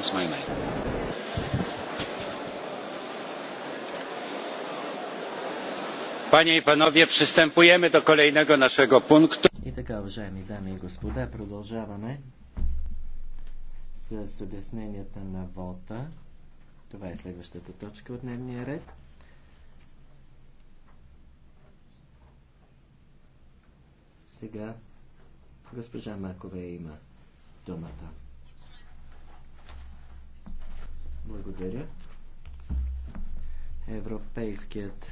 Who's my name? Panie i panowie, przystępujemy do kolejnego naszego punktu. I така, уважаеми дами и господа, продължаваме с обясненията на вота. Това е следващата точка от дневния ред. Сега госпожа Макове има думата. Благодаря. Европейският